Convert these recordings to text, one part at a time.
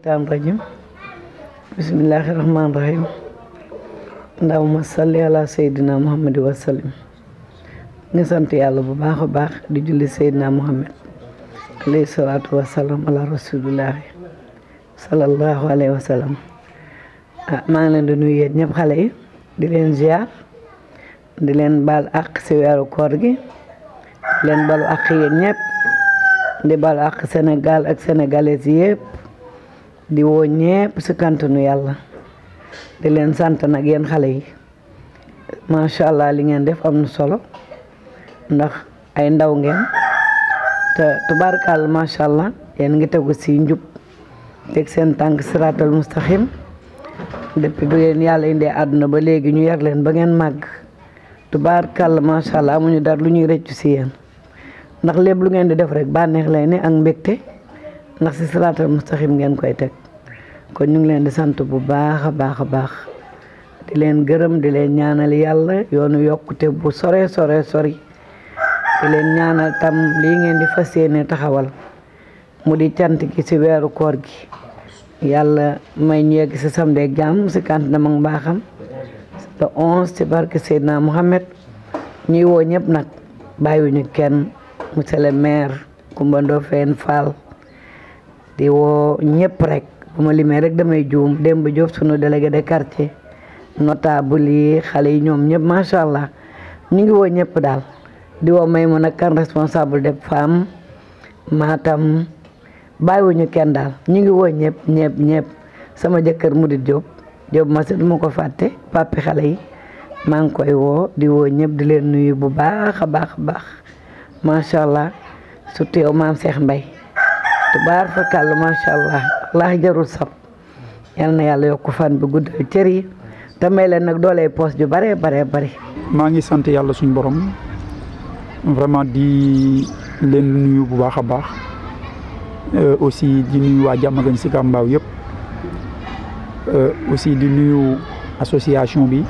shaitan rajim bismillahirrahmanirrahim ndawuma salli ala sayidina muhammad wa sallim ni sante yalla bu baakha baax di julli muhammad alayhi salatu wa salam ala rasulullah sallallahu alayhi wa salam ah, ma ngi do nuyé ñep di len di len bal ak ci wéru koor gi len bal ak yeen di bal ak senegal ak senegalais yépp di wonye ñépp si kantanu yàlla ya di len sante nak yéen xale yi sha allah li ngeen def am solo ndax ay ndaw ngeen te ma sha allah yéen ngi teggu ci njub tek sen tank siratal mustaqim depuis bu ngeen yalla indee aduna ba legi ñu yar len ba ngeen màgg ma sha allah ñu dar lu ñuy reccu ci yéen ndax lepp lu ngeen di def rek banex lay ne ak mbekté ndax ci siratal mustaqim ngeen koy tek kon ñu ngi leen di sant bu baax a baax a baax di leen gërëm di leen ñaanal yàlla yoonu yokkute bu sore sore sori di leen ñaanal tam lii ngeen di fas yéene taxawal mu di cant gi si weeru koor gi yàlla may ñu yegg si samedi ak si kant na mag mbaaxam le 11 ci barke Seydina Mohamed ñuy woo ñëpp nag bàyyiwuñu kenn monsieur le maire Coumba Fall di woo ñëpp rek bu ma merek rek damay joom demb Diop sunu délégué de quartier notable yi xalé ñom ñep ma sha allah ñi ngi wo ñep dal di wo may mun a kan responsable de femme maatam ñu kenn dal ñi ngi wo ñep ñep ñep sama jëkkër mudit di job Diop Massi du ko fàtte papi xalé yi maa koy wo di wo ñep di leen nuyu bu baax baax ma sha allah surtout yow maam Cheikh mbay tabarakallah ma sha allah laa jarul sab yal na yalla yokk fan bu guddal cër ta te may leen nag dooley poos ju bare bare bare ma ngi sante yalla suñ borom vraiment di len nuyu bu baakha baax euh aussi di nuyu wa waa Diamaguène Sicap Mbao euh aussi di nuyu association bi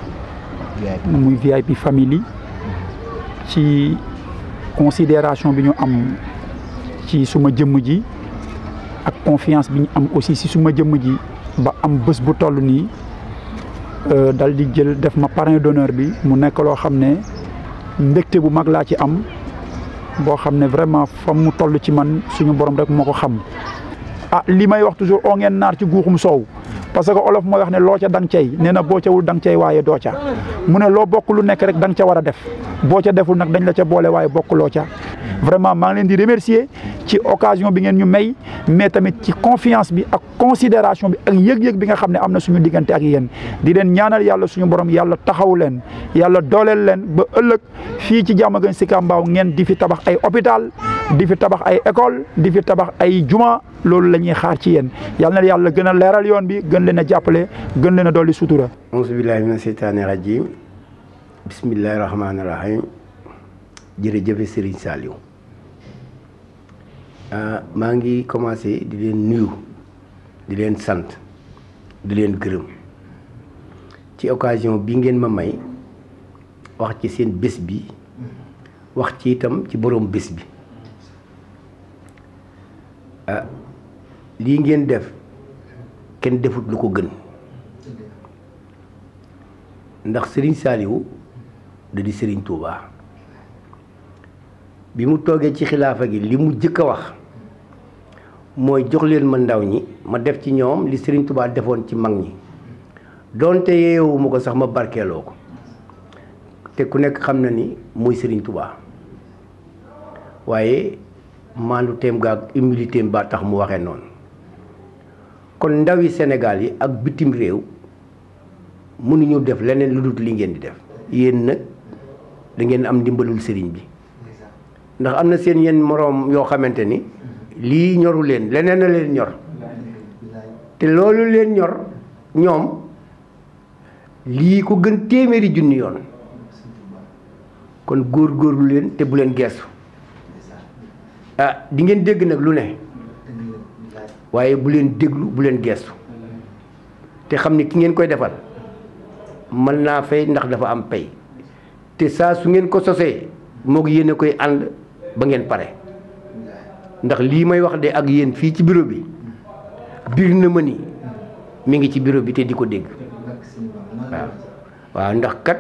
muy VIP family ci considération bi ñu am ci suma jëm ji ak confiance bi am aussi ci suma jëm ji ba am bëss bu toll euh dal di jël def ma parrain d'honneur bi mu nekk lo xamné ndekté bu mag la ci am bo xamné vraiment fam mu toll ci man suñu borom rek moko xam ah limay wax toujours o ngeen nar ci guxum soow parce que olof mooy wax né lo ca dang cey né na ca wul dang cey waye do ca mu né lo bokku lu nekk rek dang ca wara def bo ca deful nak dañ la ca waye bokku lo ca vraiment ma ngi len di remercier ci occasion bi ngeen ñu may mais tamit ci confiance bi ak considération bi ak yeg yeg bi nga xamne ne suñu digënté ak yeen di leen ñaanal yalla suñu borom yalla taxaw leen yalla dolel leen ba ëlëk fi ci Diamaguène Sicap ngeen di fi tabax ay hôpital di fi tabax ay école di fi tabax ay juma loolu lañuy xaar ci yeen yalla na yalla gën a yoon bi gën leena jappalé gën leena doli sutura sutura billahi billaahi mina rajim bismillahir rahmanir rahim jere jërëjëf Serigne Saliou Ah, Mangi ngi commencé di len nuyu di len sant di len gërëm ci occasion bi ngeen ma may wax ci seen bës bi wax ci itam ci borom bës bi ah, li ngeen def ken defut lu ko gën ndax Serigne saliw da di Serigne Touba bi mu toge ci khilafa gi li mu wax mooy jox leen ma ndaw ñi ma def ci ñoom li sëriñ tubaa defoon ci mag ñi doonte yeewuma ko sax ma barkeeloo ko te ku nekk xam na ni muy sëriñ tubaa waaye maandu teem ga ak humilité ba tax mu waxee noonu kon ndawi Sénégal yi ak bitim réew mënuñu def leneen lu dul li ngeen di def. yéen nag dangeen am ndimbalul sëriñ bi ndax am na seen yenn moroom yoo xamante ni. lii ñoru leen leneen a leen ñor te loolu leen ñor ñoom lii ko gën téeméeri junni yoon kon góor góorlu leen te bu leen geestu ah di ngeen dégg nag lu ne waaye bu leen déglu bu leen geestu te xam ni ki ngeen koy defal mën naa fay ndax dafa am pay te saa su ngeen ko sosee moog yéen a koy ànd ba ngeen pare ndax li may wax de ak yeen fi ci bureau bi bir na ma ni mi ngi ci bureau bi te di deg wa ndax kat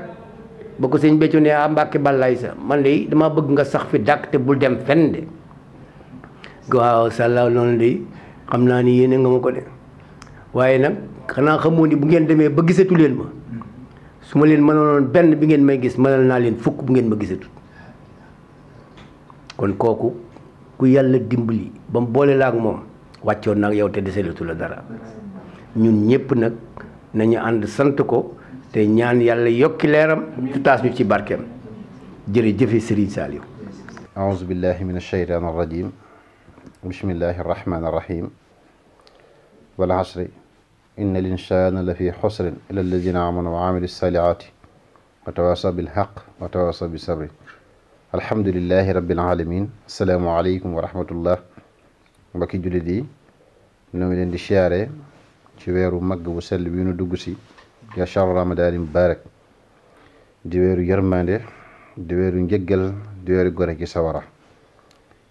bako ko beccu ne a ah, ballay sa man lay dama bëgg nga sax fi dak te bul dem fenn de gaw sallaw loolu de xamna ni yeen nga mako de waye nak xana xamoni bu ngeen deme ba gisatu len ma ma bi ngeen may gis na len fukk bu ngeen ma gisatu kon koku ku yàlla dimbali ba mu boole la ak moom wàccoon nag yow te deseetu la dara ñun ñëpp nag nañu ànd sant ko te ñaan yàlla yokki leeram tu taas ñu ci barkeem jërëjëfe Serigne Saliou aouzu billahi min alsheytan arrajim bismillahi arrahmani arrahim wal asri inna al insana la fi xusrin illa alladina amanu wa amilu salihaati wa tawaasaw bilhaq wa tawaasaw bisabri alhamdulilahi rabbil alamin asalaamualeykum wa rahmatullah mbokki jullit yi ñoo ngi leen di siyaare ci weeru màgg wu sell wii nu dugg si ya shahru ramadaani mubaarak di weeru yërmande di weeru njëggal di weeru gore ci sawara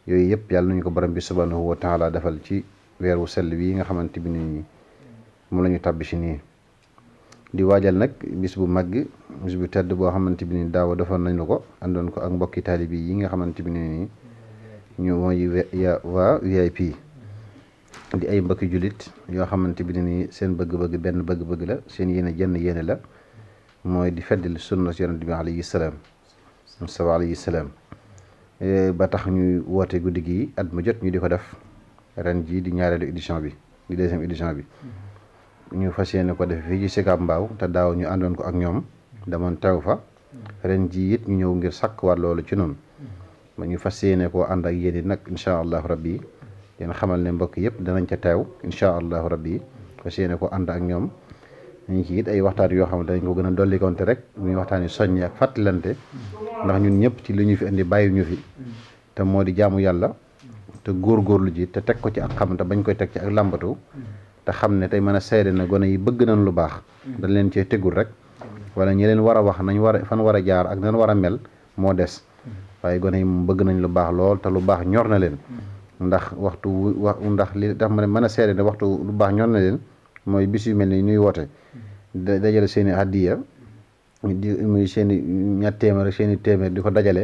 yooyu yëpp yàlla nañu ko borom bi subhanahu wa taala defal ci weer wu sell bii nga xamante bi nit ñi moom la si nii di waajal nag bis bu màgg bis bu tedd boo xamante bi ni daaw defoon nañ la ko àndoon ko ak mbokki taalibi yi nga xamante bi ni ñu mooy waa VIP di ay mbokki jullit yoo xamante bi ni seen bëgg-bëgg benn bëgg-bëgg la seen yéene jenn yéene la mooy di feddali sunna si yonent bi alayhi salaam mustafa alayhi salaam e, ba tax ñu woote guddi gi at mu jot ñu di ko def ren jii di ñaareelu édition bi di deuxième édition bi ñu fas yéene ko def fii ci Sicap mbaaw te daaw ñu àndoon ko ak ñoom demoon teew fa ren ji it ñëw ngir sàkk waat loolu ci noonu ma ñu fas yéene koo ànd ak yéen it nag incha allahu rabbi yéen xamal ne mbokk yëpp danañ ca teew incha allah rabbi fas yéene ko ànd ak ñoom ñu ci it ay waxtaan yoo xam ne dañ ko gën a dollikonte rek muy waxtaan yu soññi ak ndax ñun ñëpp ci li ñu fi indi bàyyi ñu fi te moo di jaamu yàlla te góorgóorlu ji te teg ko ci ak xam te bañ koy teg ci ak làmbatu te xam ne tey mën a seede ne gone yi bëgg nañ lu baax dañ leen cee tegul rek wala ñi war a wax nañ war a fan war a jaar ak nañ war a mel moo des waaye gone yi moom bëgg nañ lu baax lool te lu baax ñor na leen ndax waxtu wax ndax li tax ma ne mën a seede ne waxtu lu baax ñor na leen mooy bis yu mel ni ñuy woote dajale seen i addiya di muy seen i ñaar téeméer ak seen i téeméer di ko dajale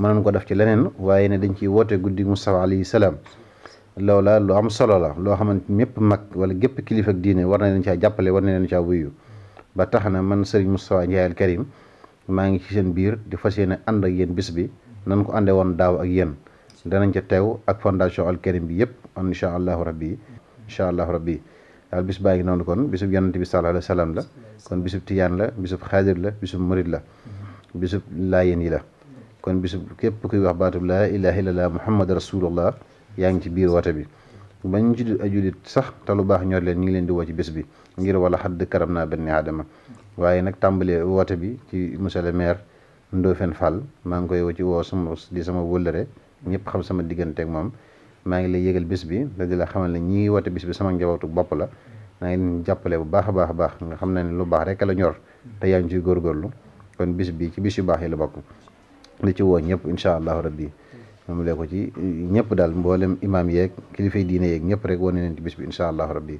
mënoon ko def ci leneen waaye ne dañ ciy woote guddi Mustafa alayhi salaam loola lu am solo la loo xamante ñëpp mag wala gépp kilifa ak diine war na leen caa jàppale war na leen caa wuyu ba tax na man sëriñ Moustapha Ndiaye al Karim maa ngi ci seen biir di fas yéene ànd ak yéen bis bi nan ko àndee woon daaw ak yéen danañ ca teew ak fondation al Karim bi yëpp incha allahu rabbi incha allahu rabbi daal bis baa ngi noonu kon bisub yonante bi sallallahu alayhi wa sallam la kon bisub tijaan la bisub xaadir la bisub murid la bisub laayeen yi la kon bisub képp kuy wax baatub laa ilaha illallah muhammad rasulullah yaa ngi ci biir woote bi bañ ñu ci ajulit sax te lu baax ñor leen ñu ngi leen di woo ci bés bi ngir wala xadd karam naa benn aadama waaye nag tàmbalee woote bi ci monsieur le maire Ndofène Fall maa ngi koy woo ci woo sama di sama wëllëre ñëpp xam sama digganteeg moom maa ngi lay yëgal bés bi da di la xamal ne ñii woote bés bi sama njabootu bopp la maa ngi leen jàppale bu baax a baax a baax nga xam ne lu baax rek la ñor te yaa ngi ciy góorgóorlu kon bis bi ci bis yu baax yi la bokk li ci woo ñëpp incha allahu rabbi tàmbalee ko ci ñëpp daal mboolem imaam yeeg kilifay diine yeeg ñëpp rek wane nañ ci bis bi incha allah rabbi